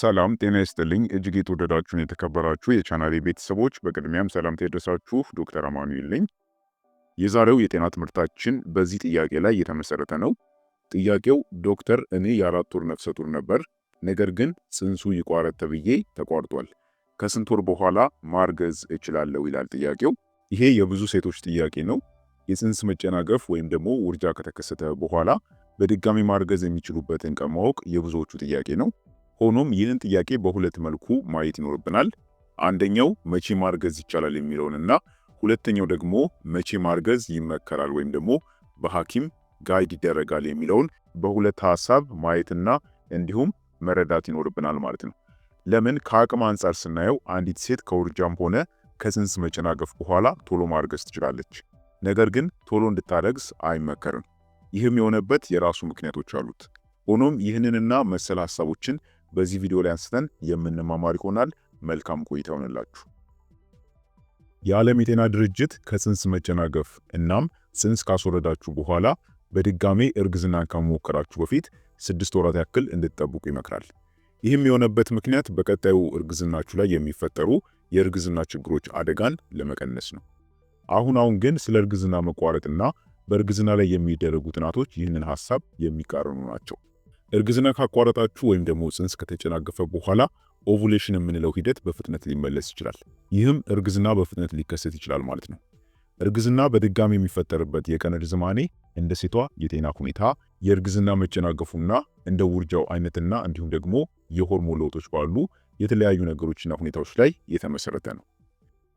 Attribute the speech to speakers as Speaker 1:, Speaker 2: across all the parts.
Speaker 1: ሰላም ጤና ይስጥልኝ እጅግ የተወደዳችሁን የተከበራችሁ የቻናሌ ቤተሰቦች በቅድሚያም ሰላምታ ይድረሳችሁ። ዶክተር አማኑኤል ነኝ። የዛሬው የጤና ትምህርታችን በዚህ ጥያቄ ላይ የተመሰረተ ነው። ጥያቄው ዶክተር እኔ የአራት ወር ነፍሰ ጡር ነበር፣ ነገር ግን ጽንሱ ይቋረጥ ተብዬ ተቋርጧል። ከስንት ወር በኋላ ማርገዝ እችላለሁ? ይላል ጥያቄው። ይሄ የብዙ ሴቶች ጥያቄ ነው። የጽንስ መጨናገፍ ወይም ደግሞ ውርጃ ከተከሰተ በኋላ በድጋሚ ማርገዝ የሚችሉበትን ቀን ማወቅ የብዙዎቹ ጥያቄ ነው። ሆኖም ይህንን ጥያቄ በሁለት መልኩ ማየት ይኖርብናል። አንደኛው መቼ ማርገዝ ይቻላል የሚለውንና ሁለተኛው ደግሞ መቼ ማርገዝ ይመከራል ወይም ደግሞ በሐኪም ጋይድ ይደረጋል የሚለውን በሁለት ሀሳብ ማየትና እንዲሁም መረዳት ይኖርብናል ማለት ነው። ለምን ከአቅም አንጻር ስናየው አንዲት ሴት ከውርጃም ሆነ ከፅንስ መጨናገፍ በኋላ ቶሎ ማርገዝ ትችላለች። ነገር ግን ቶሎ እንድታረግዝ አይመከርም። ይህም የሆነበት የራሱ ምክንያቶች አሉት። ሆኖም ይህንንና መሰል ሀሳቦችን በዚህ ቪዲዮ ላይ አንስተን የምንማማር ይሆናል። መልካም ቆይታ ይሆንላችሁ። የዓለም የጤና ድርጅት ከጽንስ መጨናገፍ እናም ጽንስ ካስወረዳችሁ በኋላ በድጋሜ እርግዝናን ከመሞከራችሁ በፊት ስድስት ወራት ያክል እንድትጠብቁ ይመክራል። ይህም የሆነበት ምክንያት በቀጣዩ እርግዝናችሁ ላይ የሚፈጠሩ የእርግዝና ችግሮች አደጋን ለመቀነስ ነው። አሁን አሁን ግን ስለ እርግዝና መቋረጥና በእርግዝና ላይ የሚደረጉ ጥናቶች ይህንን ሀሳብ የሚቃረኑ ናቸው። እርግዝና ካቋረጣችሁ ወይም ደግሞ ጽንስ ከተጨናገፈ በኋላ ኦቭሌሽን የምንለው ሂደት በፍጥነት ሊመለስ ይችላል። ይህም እርግዝና በፍጥነት ሊከሰት ይችላል ማለት ነው። እርግዝና በድጋሚ የሚፈጠርበት የቀን ርዝማኔ እንደ ሴቷ የጤና ሁኔታ፣ የእርግዝና መጨናገፉና እንደ ውርጃው አይነትና እንዲሁም ደግሞ የሆርሞን ለውጦች ባሉ የተለያዩ ነገሮችና ሁኔታዎች ላይ የተመሰረተ ነው።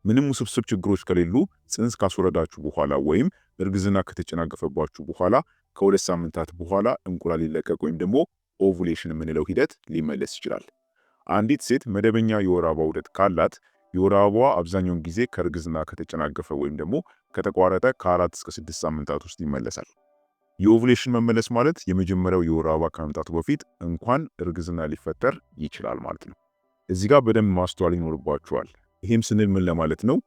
Speaker 1: ምንም ውስብስብ ችግሮች ከሌሉ ጽንስ ካስወረዳችሁ በኋላ ወይም እርግዝና ከተጨናገፈባችሁ በኋላ ከሁለት ሳምንታት በኋላ እንቁላል ሊለቀቅ ወይም ደግሞ ኦቭሌሽን የምንለው ሂደት ሊመለስ ይችላል። አንዲት ሴት መደበኛ የወር አበባ ዑደት ካላት የወር አበባዋ አብዛኛውን ጊዜ ከእርግዝና ከተጨናገፈ ወይም ደግሞ ከተቋረጠ ከአራት እስከ ስድስት ሳምንታት ውስጥ ይመለሳል። የኦቭሌሽን መመለስ ማለት የመጀመሪያው የወር አበባ ከመምጣቱ በፊት እንኳን እርግዝና ሊፈጠር ይችላል ማለት ነው። እዚህ ጋር በደንብ ማስተዋል ይኖርባችኋል። ይህም ስንል ምን ለማለት ነው?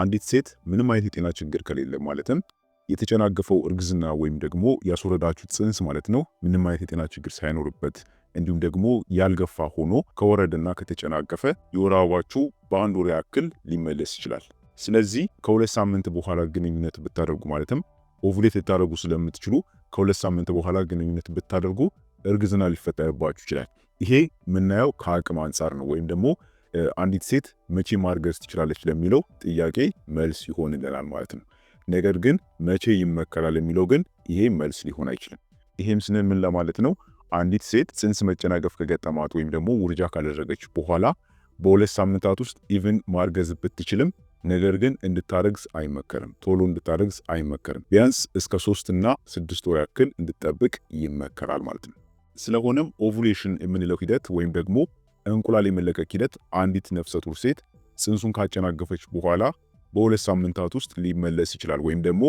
Speaker 1: አንዲት ሴት ምንም አይነት የጤና ችግር ከሌለ ማለትም የተጨናገፈው እርግዝና ወይም ደግሞ ያስወረዳችሁ ጽንስ ማለት ነው ምንም አይነት የጤና ችግር ሳይኖርበት እንዲሁም ደግሞ ያልገፋ ሆኖ ከወረደና ከተጨናገፈ የወር አበባችሁ በአንድ ወር ያክል ሊመለስ ይችላል። ስለዚህ ከሁለት ሳምንት በኋላ ግንኙነት ብታደርጉ ማለትም ኦቭሌት ልታደርጉ ስለምትችሉ ከሁለት ሳምንት በኋላ ግንኙነት ብታደርጉ እርግዝና ሊፈጠርባችሁ ይችላል። ይሄ ምናየው ከአቅም አንጻር ነው ወይም ደግሞ አንዲት ሴት መቼ ማርገዝ ትችላለች ለሚለው ጥያቄ መልስ ይሆንልናል ማለት ነው። ነገር ግን መቼ ይመከራል የሚለው ግን ይሄ መልስ ሊሆን አይችልም። ይሄም ስንል ምን ለማለት ነው? አንዲት ሴት ጽንስ መጨናገፍ ከገጠማት ወይም ደግሞ ውርጃ ካደረገች በኋላ በሁለት ሳምንታት ውስጥ ኢቭን ማርገዝ ብትችልም ነገር ግን እንድታረግዝ አይመከርም። ቶሎ እንድታረግዝ አይመከርም። ቢያንስ እስከ ሶስት እና ስድስት ወር ያክል እንድጠብቅ ይመከራል ማለት ነው። ስለሆነም ኦቭሌሽን የምንለው ሂደት ወይም ደግሞ እንቁላል የመለቀቅ ሂደት አንዲት ነፍሰ ጡር ሴት ጽንሱን ካጨናገፈች በኋላ በሁለት ሳምንታት ውስጥ ሊመለስ ይችላል። ወይም ደግሞ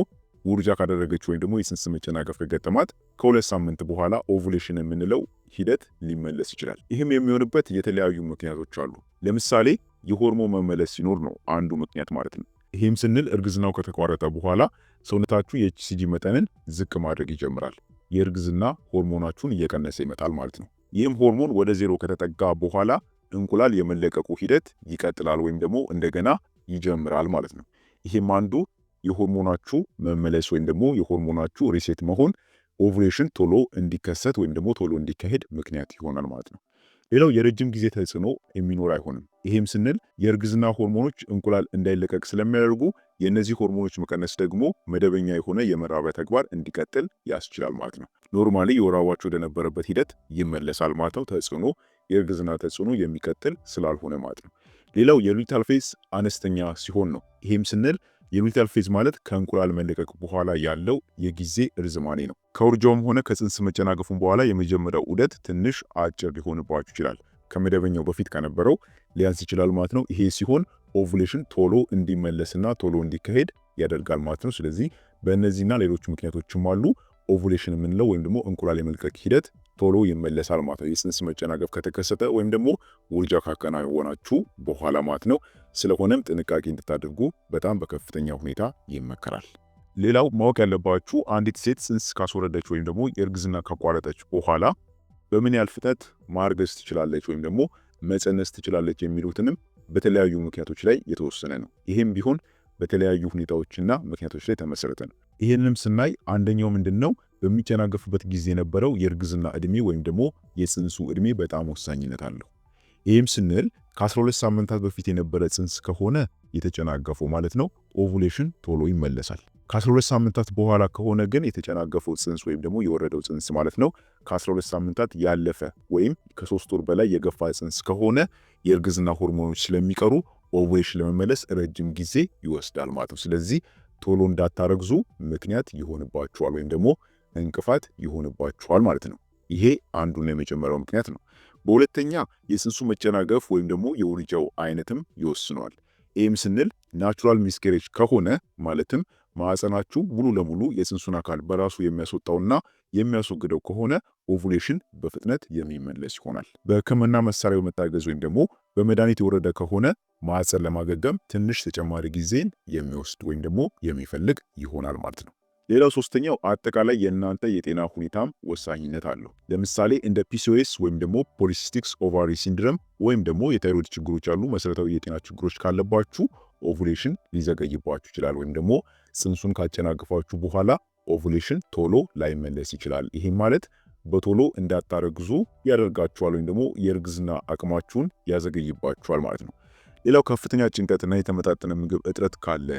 Speaker 1: ውርጃ ካደረገች ወይም ደግሞ የጽንስ መጨናገፍ ከገጠማት ከሁለት ሳምንት በኋላ ኦቭሌሽን የምንለው ሂደት ሊመለስ ይችላል። ይህም የሚሆንበት የተለያዩ ምክንያቶች አሉ። ለምሳሌ የሆርሞን መመለስ ሲኖር ነው አንዱ ምክንያት ማለት ነው። ይህም ስንል እርግዝናው ከተቋረጠ በኋላ ሰውነታችሁ የኤችሲጂ መጠንን ዝቅ ማድረግ ይጀምራል። የእርግዝና ሆርሞናችሁን እየቀነሰ ይመጣል ማለት ነው። ይህም ሆርሞን ወደ ዜሮ ከተጠጋ በኋላ እንቁላል የመለቀቁ ሂደት ይቀጥላል ወይም ደግሞ እንደገና ይጀምራል ማለት ነው። ይህም አንዱ የሆርሞናችሁ መመለስ ወይም ደግሞ የሆርሞናችሁ ሪሴት መሆን ኦቭሬሽን ቶሎ እንዲከሰት ወይም ደግሞ ቶሎ እንዲካሄድ ምክንያት ይሆናል ማለት ነው። ሌላው የረጅም ጊዜ ተጽዕኖ የሚኖር አይሆንም። ይህም ስንል የእርግዝና ሆርሞኖች እንቁላል እንዳይለቀቅ ስለሚያደርጉ የእነዚህ ሆርሞኖች መቀነስ ደግሞ መደበኛ የሆነ የመራቢያ ተግባር እንዲቀጥል ያስችላል ማለት ነው። ኖርማሊ የወር ወደነበረበት ሂደት ይመለሳል ማለት ነው። ተጽዕኖ የእርግዝና ተጽዕኖ የሚቀጥል ስላልሆነ ማለት ነው። ሌላው የሉቴል ፌዝ አነስተኛ ሲሆን ነው። ይህም ስንል የሉቴል ፌዝ ማለት ከእንቁላል መለቀቅ በኋላ ያለው የጊዜ ርዝማኔ ነው። ከውርጃውም ሆነ ከጽንስ መጨናገፉ በኋላ የመጀመሪያው ዑደት ትንሽ አጭር ሊሆንባችሁ ይችላል። ከመደበኛው በፊት ከነበረው ሊያንስ ይችላል ማለት ነው። ይሄ ሲሆን ኦቭሌሽን ቶሎ እንዲመለስና ቶሎ እንዲካሄድ ያደርጋል ማለት ነው። ስለዚህ በእነዚህና ሌሎች ምክንያቶችም አሉ ኦቭሌሽን የምንለው ወይም ደግሞ እንቁላል የመልቀቅ ሂደት ቶሎ ይመለሳል ማለት ነው። የፅንስ መጨናገፍ ከተከሰተ ወይም ደግሞ ውርጃ ካከናወናችሁ በኋላ ማለት ነው። ስለሆነም ጥንቃቄ እንድታደርጉ በጣም በከፍተኛ ሁኔታ ይመከራል። ሌላው ማወቅ ያለባችሁ አንዲት ሴት ስንስ ካስወረደች ወይም ደግሞ የእርግዝና ካቋረጠች በኋላ በምን ያህል ፍጥነት ማርገዝ ትችላለች ወይም ደግሞ መፀነስ ትችላለች የሚሉትንም በተለያዩ ምክንያቶች ላይ የተወሰነ ነው። ይህም ቢሆን በተለያዩ ሁኔታዎችና ምክንያቶች ላይ ተመሰረተ ነው። ይህንም ስናይ አንደኛው ምንድን ነው ጊዜ የነበረው የእርግዝና እድሜ ወይም ደግሞ የጽንሱ እድሜ በጣም ወሳኝነት አለው። ይህም ስንል ከ12 ሳምንታት በፊት የነበረ ፅንስ ከሆነ የተጨናገፈው ማለት ነው ኦቭሌሽን ቶሎ ይመለሳል። ከ12 ሳምንታት በኋላ ከሆነ ግን የተጨናገፈው ፅንስ ወይም ደግሞ የወረደው ጽንስ ማለት ነው ከ12 ሳምንታት ያለፈ ወይም ከሶስት ወር በላይ የገፋ ፅንስ ከሆነ የእርግዝና ሆርሞኖች ስለሚቀሩ ኦቭሌሽን ለመመለስ ረጅም ጊዜ ይወስዳል ማለት ነው። ስለዚህ ቶሎ እንዳታረግዙ ምክንያት ይሆንባችኋል ወይም ደግሞ እንቅፋት ይሆንባችኋል ማለት ነው። ይሄ አንዱና የመጀመሪያው ምክንያት ነው። በሁለተኛ የፅንሱ መጨናገፍ ወይም ደግሞ የውርጃው አይነትም ይወስነዋል። ይህም ስንል ናቹራል ሚስኬሬጅ ከሆነ ማለትም ማዕፀናችሁ ሙሉ ለሙሉ የፅንሱን አካል በራሱ የሚያስወጣውና የሚያስወግደው ከሆነ ኦቭሌሽን በፍጥነት የሚመለስ ይሆናል። በህክምና መሳሪያ በመታገዝ ወይም ደግሞ በመድኃኒት የወረደ ከሆነ ማዕፀን ለማገገም ትንሽ ተጨማሪ ጊዜን የሚወስድ ወይም ደግሞ የሚፈልግ ይሆናል ማለት ነው። ሌላው ሶስተኛው አጠቃላይ የእናንተ የጤና ሁኔታም ወሳኝነት አለው። ለምሳሌ እንደ ፒሲኦኤስ ወይም ደግሞ ፖሊሲስቲክስ ኦቫሪ ሲንድረም ወይም ደግሞ የታይሮይድ ችግሮች ያሉ መሰረታዊ የጤና ችግሮች ካለባችሁ ኦቭሌሽን ሊዘገይባችሁ ይችላል ወይም ደግሞ ጽንሱን ካጨናገፋችሁ በኋላ ኦቭሌሽን ቶሎ ላይመለስ ይችላል። ይህም ማለት በቶሎ እንዳታረግዙ ያደርጋችኋል ወይም ደግሞ የእርግዝና አቅማችሁን ያዘገይባችኋል ማለት ነው። ሌላው ከፍተኛ ጭንቀትና የተመጣጠነ ምግብ እጥረት ካለ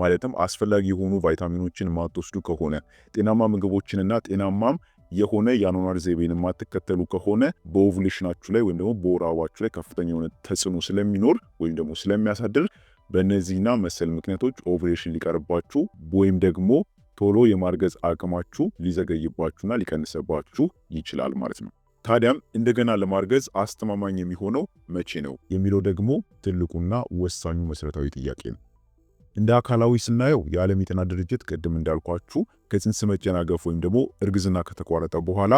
Speaker 1: ማለትም አስፈላጊ የሆኑ ቫይታሚኖችን ማትወስዱ ከሆነ ጤናማ ምግቦችንና ጤናማም የሆነ የአኗኗር ዘይቤን የማትከተሉ ከሆነ በኦቭሌሽናችሁ ላይ ወይም ደግሞ በወር አበባችሁ ላይ ከፍተኛ የሆነ ተጽዕኖ ስለሚኖር ወይም ደግሞ ስለሚያሳድር በእነዚህና መሰል ምክንያቶች ኦቭሬሽን ሊቀርባችሁ ወይም ደግሞ ቶሎ የማርገዝ አቅማችሁ ሊዘገይባችሁና ሊቀንሰባችሁ ይችላል ማለት ነው። ታዲያም እንደገና ለማርገዝ አስተማማኝ የሚሆነው መቼ ነው የሚለው ደግሞ ትልቁና ወሳኙ መሰረታዊ ጥያቄ ነው። እንደ አካላዊ ስናየው የዓለም የጤና ድርጅት ቅድም እንዳልኳችሁ ከጽንስ መጨናገፍ ወይም ደግሞ እርግዝና ከተቋረጠ በኋላ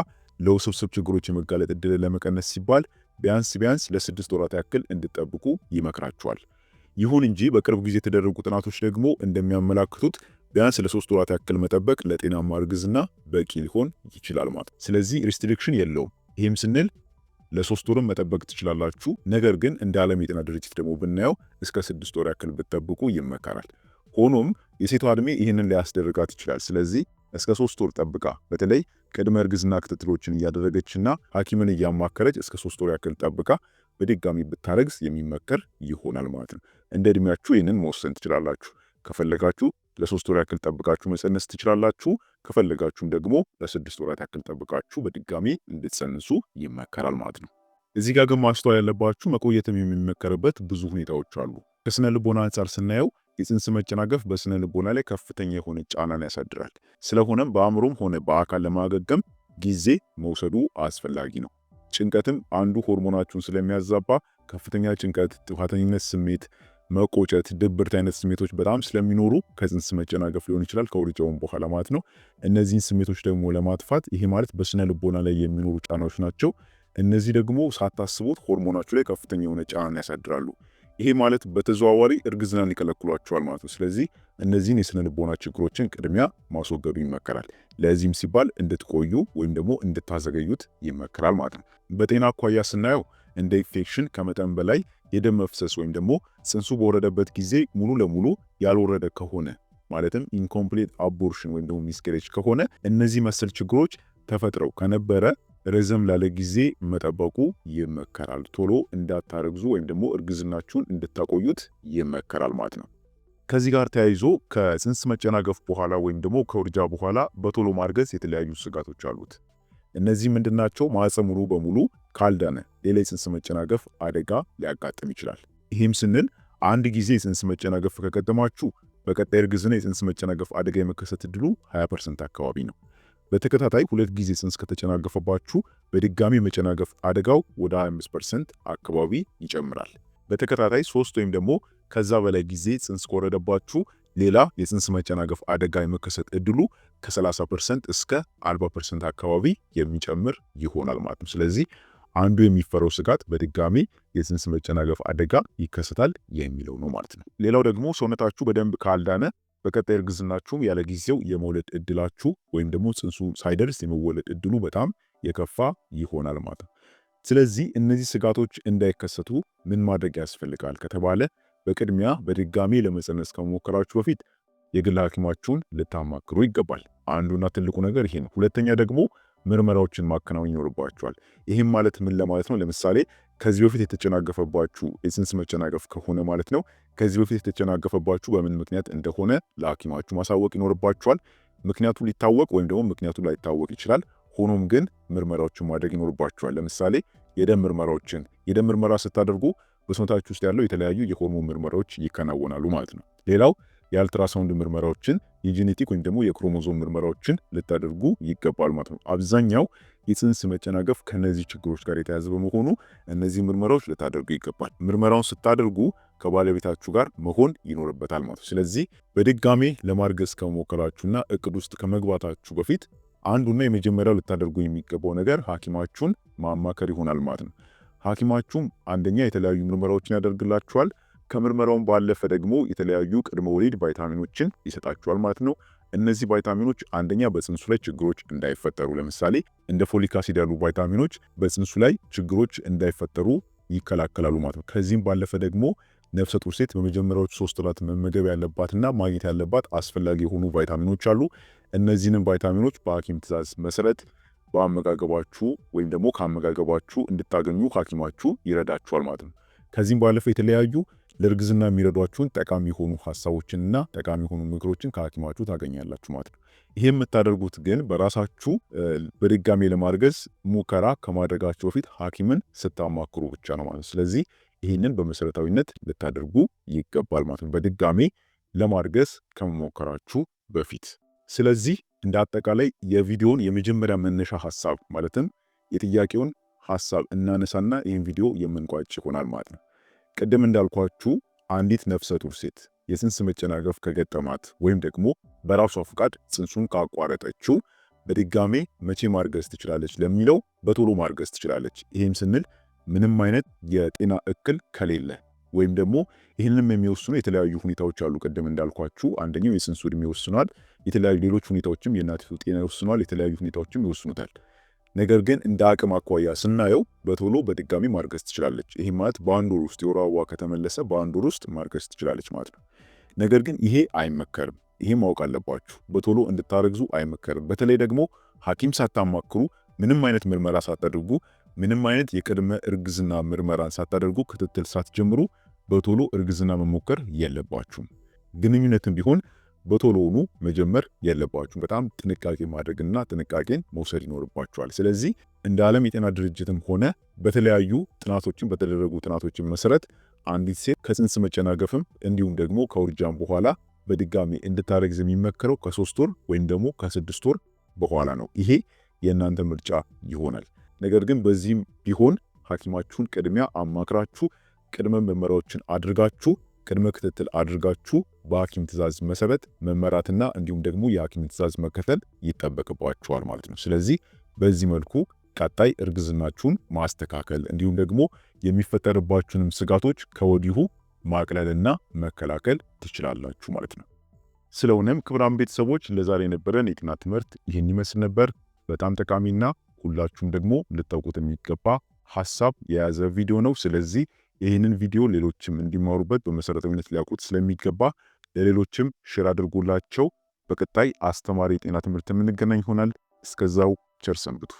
Speaker 1: ለውስብስብ ችግሮች የመጋለጥ እድል ለመቀነስ ሲባል ቢያንስ ቢያንስ ለስድስት ወራት ያክል እንድጠብቁ ይመክራችኋል። ይሁን እንጂ በቅርብ ጊዜ የተደረጉ ጥናቶች ደግሞ እንደሚያመላክቱት ቢያንስ ለሶስት ወራት ያክል መጠበቅ ለጤናማ እርግዝና በቂ ሊሆን ይችላል ማለት። ስለዚህ ሪስትሪክሽን የለውም። ይህም ስንል ለሶስት ወርም መጠበቅ ትችላላችሁ። ነገር ግን እንደ ዓለም የጤና ድርጅት ደግሞ ብናየው እስከ ስድስት ወር ያክል ብትጠብቁ ይመከራል። ሆኖም የሴቷ እድሜ ይህንን ሊያስደርጋት ይችላል። ስለዚህ እስከ ሶስት ወር ጠብቃ በተለይ ቅድመ እርግዝና ክትትሎችን እያደረገችና ሐኪምን እያማከረች እስከ ሶስት ወር ያክል ጠብቃ በድጋሚ ብታረግዝ የሚመከር ይሆናል ማለት ነው። እንደ እድሜያችሁ ይህንን መወሰን ትችላላችሁ። ከፈለጋችሁ ለሶስት ወር ያክል ጠብቃችሁ መፀነስ ትችላላችሁ። ከፈለጋችሁም ደግሞ ለስድስት ወራት ያክል ጠብቃችሁ በድጋሚ እንድትፀንሱ ይመከራል ማለት ነው። እዚህ ጋር ግን ማስተዋል ያለባችሁ መቆየትም የሚመከርበት ብዙ ሁኔታዎች አሉ። ከስነ ልቦና አንጻር ስናየው የፅንስ መጨናገፍ በስነ ልቦና ላይ ከፍተኛ የሆነ ጫናን ያሳድራል። ስለሆነም በአእምሮም ሆነ በአካል ለማገገም ጊዜ መውሰዱ አስፈላጊ ነው። ጭንቀትም አንዱ ሆርሞናችሁን ስለሚያዛባ ከፍተኛ ጭንቀት፣ ጥፋተኝነት ስሜት መቆጨት፣ ድብርት አይነት ስሜቶች በጣም ስለሚኖሩ ከጽንስ መጨናገፍ ሊሆን ይችላል ከውርጃውም በኋላ ማለት ነው። እነዚህን ስሜቶች ደግሞ ለማጥፋት ይሄ ማለት በስነ ልቦና ላይ የሚኖሩ ጫናዎች ናቸው። እነዚህ ደግሞ ሳታስቡት ሆርሞናችሁ ላይ ከፍተኛ የሆነ ጫናን ያሳድራሉ። ይሄ ማለት በተዘዋዋሪ እርግዝናን ይከለክሏቸዋል ማለት ነው። ስለዚህ እነዚህን የስነ ልቦና ችግሮችን ቅድሚያ ማስወገዱ ይመከራል። ለዚህም ሲባል እንድትቆዩ ወይም ደግሞ እንድታዘገዩት ይመከራል ማለት ነው። በጤና አኳያ ስናየው እንደ ኢንፌክሽን ከመጠን በላይ የደም መፍሰስ ወይም ደግሞ ጽንሱ በወረደበት ጊዜ ሙሉ ለሙሉ ያልወረደ ከሆነ ማለትም ኢንኮምፕሌት አቦርሽን ወይም ደግሞ ሚስከሬጅ ከሆነ እነዚህ መሰል ችግሮች ተፈጥረው ከነበረ ረዘም ላለ ጊዜ መጠበቁ ይመከራል። ቶሎ እንዳታረግዙ ወይም ደግሞ እርግዝናችሁን እንድታቆዩት ይመከራል ማለት ነው። ከዚህ ጋር ተያይዞ ከጽንስ መጨናገፍ በኋላ ወይም ደግሞ ከውርጃ በኋላ በቶሎ ማርገዝ የተለያዩ ስጋቶች አሉት። እነዚህ ምንድናቸው? ማህፀን ሙሉ በሙሉ ካልዳነ ሌላ የፅንስ መጨናገፍ አደጋ ሊያጋጥም ይችላል። ይህም ስንል አንድ ጊዜ የፅንስ መጨናገፍ ከቀደማችሁ በቀጣይ እርግዝና የፅንስ መጨናገፍ አደጋ የመከሰት እድሉ 20 ፐርሰንት አካባቢ ነው። በተከታታይ ሁለት ጊዜ ፅንስ ከተጨናገፈባችሁ በድጋሚ መጨናገፍ አደጋው ወደ 25 ፐርሰንት አካባቢ ይጨምራል። በተከታታይ ሶስት ወይም ደግሞ ከዛ በላይ ጊዜ ፅንስ ከወረደባችሁ ሌላ የፅንስ መጨናገፍ አደጋ የመከሰት እድሉ ከ30 ፐርሰንት እስከ 40 ፐርሰንት አካባቢ የሚጨምር ይሆናል ማለት ነው። ስለዚህ አንዱ የሚፈረው ስጋት በድጋሚ የፅንስ መጨናገፍ አደጋ ይከሰታል የሚለው ነው ማለት ነው። ሌላው ደግሞ ሰውነታችሁ በደንብ ካልዳነ በቀጣይ እርግዝናችሁም ያለ ጊዜው የመውለድ እድላችሁ ወይም ደግሞ ፅንሱ ሳይደርስ የመወለድ እድሉ በጣም የከፋ ይሆናል ማለት ነው። ስለዚህ እነዚህ ስጋቶች እንዳይከሰቱ ምን ማድረግ ያስፈልጋል ከተባለ በቅድሚያ በድጋሚ ለመፀነስ ከመሞከራችሁ በፊት የግል ሐኪማችሁን ልታማክሩ ይገባል። አንዱና ትልቁ ነገር ይሄ ነው። ሁለተኛ ደግሞ ምርመራዎችን ማከናወን ይኖርባችኋል። ይህም ማለት ምን ለማለት ነው? ለምሳሌ ከዚህ በፊት የተጨናገፈባችሁ የፅንስ መጨናገፍ ከሆነ ማለት ነው። ከዚህ በፊት የተጨናገፈባችሁ በምን ምክንያት እንደሆነ ለሐኪማችሁ ማሳወቅ ይኖርባችኋል። ምክንያቱ ሊታወቅ ወይም ደግሞ ምክንያቱ ላይታወቅ ይችላል። ሆኖም ግን ምርመራዎችን ማድረግ ይኖርባችኋል። ለምሳሌ የደም ምርመራዎችን የደም ምርመራ ስታደርጉ በሰውነታችሁ ውስጥ ያለው የተለያዩ የሆርሞን ምርመራዎች ይከናወናሉ ማለት ነው። ሌላው የአልትራሳውንድ ምርመራዎችን የጄኔቲክ ወይም ደግሞ የክሮሞዞም ምርመራዎችን ልታደርጉ ይገባል ማለት ነው። አብዛኛው የፅንስ መጨናገፍ ከነዚህ ችግሮች ጋር የተያዘ በመሆኑ እነዚህ ምርመራዎች ልታደርጉ ይገባል። ምርመራውን ስታደርጉ ከባለቤታችሁ ጋር መሆን ይኖርበታል ማለት ነው። ስለዚህ በድጋሜ ለማርገዝ ከመሞከራችሁና እቅድ ውስጥ ከመግባታችሁ በፊት አንዱና የመጀመሪያው ልታደርጉ የሚገባው ነገር ሐኪማችሁን ማማከር ይሆናል ማለት ነው። ሐኪማችሁም አንደኛ የተለያዩ ምርመራዎችን ያደርግላችኋል። ከምርመራውን ባለፈ ደግሞ የተለያዩ ቅድመ ወሊድ ቫይታሚኖችን ይሰጣችኋል ማለት ነው። እነዚህ ቫይታሚኖች አንደኛ በጽንሱ ላይ ችግሮች እንዳይፈጠሩ ለምሳሌ እንደ ፎሊክ አሲድ ያሉ ቫይታሚኖች በጽንሱ ላይ ችግሮች እንዳይፈጠሩ ይከላከላሉ ማለት ነው። ከዚህም ባለፈ ደግሞ ነፍሰ ጡር ሴት በመጀመሪያዎቹ ሶስት ወራት መመገብ ያለባትና ማግኘት ያለባት አስፈላጊ የሆኑ ቫይታሚኖች አሉ። እነዚህንም ቫይታሚኖች በሐኪም ትዕዛዝ መሰረት በአመጋገባችሁ ወይም ደግሞ ከአመጋገባችሁ እንድታገኙ ሐኪማችሁ ይረዳችኋል ማለት ነው። ከዚህም ባለፈ የተለያዩ ለእርግዝና የሚረዷችሁን ጠቃሚ የሆኑ ሀሳቦችንና ጠቃሚ የሆኑ ምክሮችን ከሐኪማችሁ ታገኛላችሁ ማለት ነው። ይህ የምታደርጉት ግን በራሳችሁ በድጋሜ ለማርገዝ ሙከራ ከማድረጋችሁ በፊት ሐኪምን ስታማክሩ ብቻ ነው ማለት ነው። ስለዚህ ይህንን በመሰረታዊነት ልታደርጉ ይገባል ማለት ነው፣ በድጋሜ ለማርገዝ ከመሞከራችሁ በፊት ስለዚህ እንደ አጠቃላይ የቪዲዮውን የመጀመሪያ መነሻ ሀሳብ ማለትም የጥያቄውን ሀሳብ እናነሳና ይህን ቪዲዮ የምንቋጭ ይሆናል ማለት ነው። ቅድም እንዳልኳችሁ አንዲት ነፍሰ ጡር ሴት የጽንስ መጨናገፍ ከገጠማት ወይም ደግሞ በራሷ ፍቃድ ጽንሱን ካቋረጠችው በድጋሜ መቼ ማርገዝ ትችላለች ለሚለው በቶሎ ማርገዝ ትችላለች። ይህም ስንል ምንም አይነት የጤና እክል ከሌለ ወይም ደግሞ ይህንንም የሚወስኑ የተለያዩ ሁኔታዎች አሉ። ቅድም እንዳልኳችሁ አንደኛው የጽንሱ ዕድሜ ይወስኗል። የተለያዩ ሌሎች ሁኔታዎችም የእናቲቱ ጤና ይወስኗል፣ የተለያዩ ሁኔታዎችም ይወስኑታል። ነገር ግን እንደ አቅም አኳያ ስናየው በቶሎ በድጋሚ ማርገዝ ትችላለች። ይህ ማለት በአንድ ወር ውስጥ የወር አበባ ከተመለሰ በአንድ ወር ውስጥ ማርገዝ ትችላለች ማለት ነው። ነገር ግን ይሄ አይመከርም። ይሄ ማወቅ አለባችሁ። በቶሎ እንድታረግዙ አይመከርም። በተለይ ደግሞ ሐኪም ሳታማክሩ ምንም አይነት ምርመራ ሳታደርጉ ምንም አይነት የቅድመ እርግዝና ምርመራን ሳታደርጉ ክትትል ሳትጀምሩ በቶሎ እርግዝና መሞከር የለባችሁም። ግንኙነትም ቢሆን በቶሎኑ መጀመር የለባችሁም። በጣም ጥንቃቄ ማድረግና ጥንቃቄን መውሰድ ይኖርባችኋል። ስለዚህ እንደ ዓለም የጤና ድርጅትም ሆነ በተለያዩ ጥናቶችን በተደረጉ ጥናቶችን መሰረት አንዲት ሴት ከፅንስ መጨናገፍም እንዲሁም ደግሞ ከውርጃም በኋላ በድጋሚ እንድታረግዝ የሚመከረው ከሶስት ወር ወይም ደግሞ ከስድስት ወር በኋላ ነው። ይሄ የእናንተ ምርጫ ይሆናል። ነገር ግን በዚህም ቢሆን ሐኪማችሁን ቅድሚያ አማክራችሁ ቅድመ ምርመራዎችን አድርጋችሁ ቅድመ ክትትል አድርጋችሁ በሐኪም ትእዛዝ መሰረት መመራትና እንዲሁም ደግሞ የሐኪም ትእዛዝ መከተል ይጠበቅባችኋል ማለት ነው። ስለዚህ በዚህ መልኩ ቀጣይ እርግዝናችሁን ማስተካከል እንዲሁም ደግሞ የሚፈጠርባችሁንም ስጋቶች ከወዲሁ ማቅለልና መከላከል ትችላላችሁ ማለት ነው። ስለሆነም ክቡራን ቤተሰቦች ለዛሬ የነበረን የጤና ትምህርት ይህን ይመስል ነበር። በጣም ጠቃሚና ሁላችሁም ደግሞ ልታውቁት የሚገባ ሀሳብ የያዘ ቪዲዮ ነው። ስለዚህ ይህንን ቪዲዮ ሌሎችም እንዲማሩበት በመሰረታዊነት ሊያውቁት ስለሚገባ ለሌሎችም ሼር አድርጎላቸው። በቀጣይ አስተማሪ የጤና ትምህርት የምንገናኝ ይሆናል። እስከዛው ቸር ሰንብቱ።